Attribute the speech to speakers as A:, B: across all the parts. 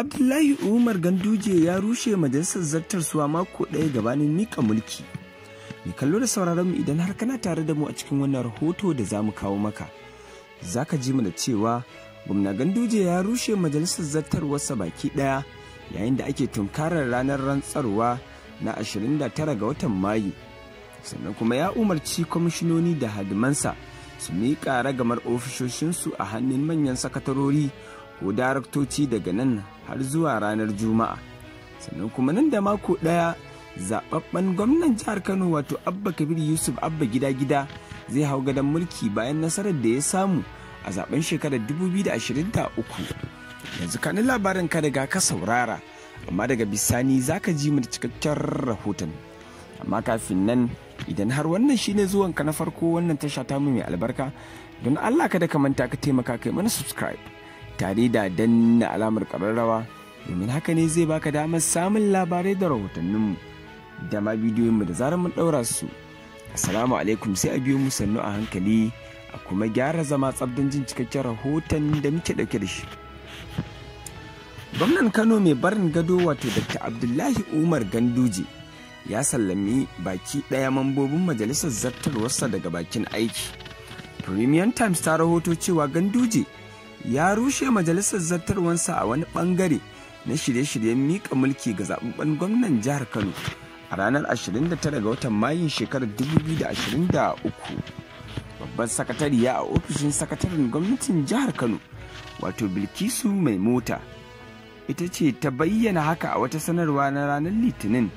A: abdullahi umar ganduje ya rushe majalisar zartar suwa mako ɗaya gabanin mika mulki mai kallo da sauraron mu idan har kana tare da mu a cikin wannan rahoto da za mu kawo maka za ka ji mu da cewa gwamna ganduje ya rushe majalisar zartar wasa baki ɗaya yayin da ake tunkarar ranar rantsarwa na 29 ga watan mayu sannan kuma ya umarci kwamishinoni da hadimansa su miƙa ragamar ofishoshinsu a hannun manyan sakatarori ko daraktoci daga nan har zuwa ranar juma'a sannan kuma nan da mako ɗaya zaɓaɓɓen gwamnan jihar kano wato abba kabir yusuf abba gida gida zai hau gadon mulki bayan nasarar da ya samu a zaben shekarar da ashirin uku. yanzu kanin labarin ka daga ka saurara amma daga bisani za ka ji mu da cikakken rahoton amma kafin nan idan har wannan shine zuwanka na farko wannan tasha ta mu mai albarka don allah kada ka manta ka taimaka kai mana subscribe tare da danna alamar kararrawa domin haka ne zai baka damar samun labarai da rahotanninmu da ma bidiyoyinmu da zarar mun ɗaura su assalamu alaikum sai a biyo mu sannu a hankali a kuma gyara zama tsabdan jin cikakken rahoton da muke ɗauke da shi gwamnan kano mai barin gado wato dr abdullahi umar ganduje ya sallami baki ɗaya mambobin majalisar zartarwarsa daga bakin aiki premium times ta rahoto cewa ganduje ya rushe majalisar zartarwansa a wani bangare na shirye-shiryen mika mulki ga zaɓuɓɓen gwamnan jihar kano a ranar 29 ga watan mayun shekarar 2023 babban sakatariya a ofishin sakataren gwamnatin jihar kano wato bilkisu mai mota ita ce ta bayyana haka a wata sanarwa na ranar litinin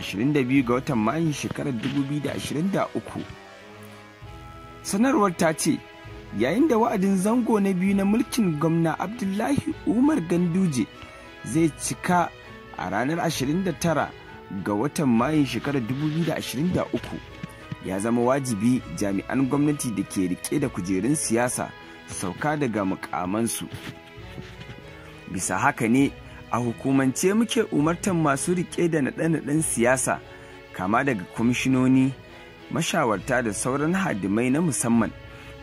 A: 22 ga watan mayun shekarar 2023 sanarwar ta ce yayin da wa'adin zango na biyu na mulkin gwamna abdullahi umar ganduje zai cika a ranar 29 ga watan mayun shekarar 2023 ya zama wajibi jami'an gwamnati da ke rike da kujerun siyasa sauka daga mukamansu bisa haka ne a hukumance muke umartan masu rike da naɗe-naɗen siyasa kama daga kwamishinoni mashawarta da sauran hadimai na musamman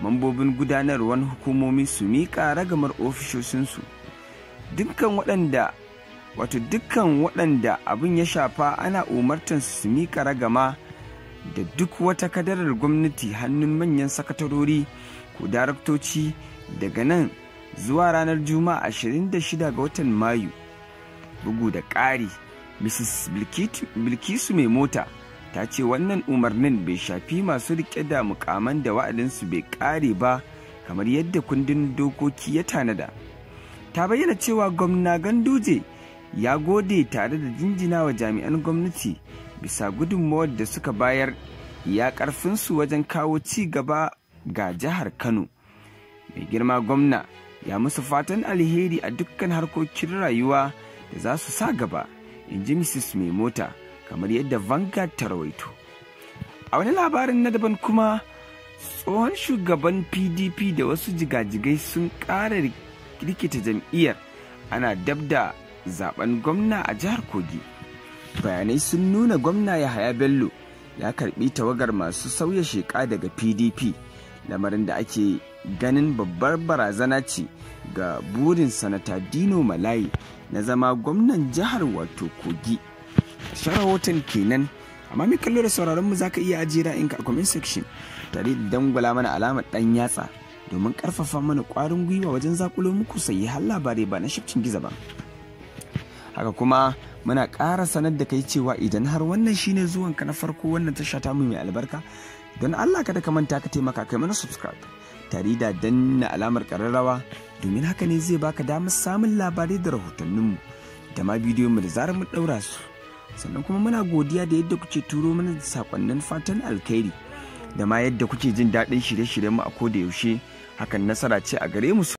A: mambobin gudanarwar hukumomi su miƙa ragamar ofishoshinsu dukkan waɗanda wato dukkan waɗanda abin ya shafa ana umartar su miƙa ragama da duk wata kadarar gwamnati hannun manyan sakatarori ko daraktoci daga nan zuwa ranar juma'a 26 ga watan mayu bugu da ƙari mrs bilkisu mai mota ta ce wannan umarnin bai shafi masu riƙe da mukaman da wa'adinsu bai kare ba kamar yadda kundin dokoki ya tanada ta bayyana cewa gwamna ganduje ya gode tare da jinjinawa jami'an gwamnati bisa gudunmawar da suka bayar ya ƙarfinsu wajen kawo ci gaba ga jihar kano mai girma gwamna ya musu fatan alheri a dukkan harkokin rayuwa da za su sa gaba in ji mrs mai mota kamar yadda Vanguard ta rawaito. A wani labarin na daban kuma tsohon shugaban PDP da wasu jigajigai sun ƙara rikita jam'iyyar ana dab da zaben gwamna a jihar Kogi. Bayanai sun nuna gwamna Yahaya Bello ya karbi tawagar masu sauya sheƙa daga PDP lamarin da ake ganin babbar barazana ce ga burin sanata Dino Malayi na zama gwamnan jihar wato Kogi. sarahoton kenan amma mai kallo da sauraron mu zaka iya ajiye ra'ayinka a comment section tare da dangwala mana alamar dan yatsa domin karfafa mana kwarin gwiwa wajen zakulo muku sayi har labarai ba na shafcin giza ba haka kuma muna ƙara sanar da kai cewa idan har wannan shine zuwanka na farko wannan tasha ta mu mai albarka don Allah kada ka manta ka taimaka kai mana subscribe tare da danna alamar kararrawa domin haka ne zai baka damar samun labarai da rahotanninmu da ma bidiyon da zarar mu daura su sannan kuma muna godiya da yadda kuke turo mana da sakonnin fatan alkhairi da ma yadda kuke jin daɗin shirye-shiryenmu a ko da yaushe hakan nasara ce a gare mu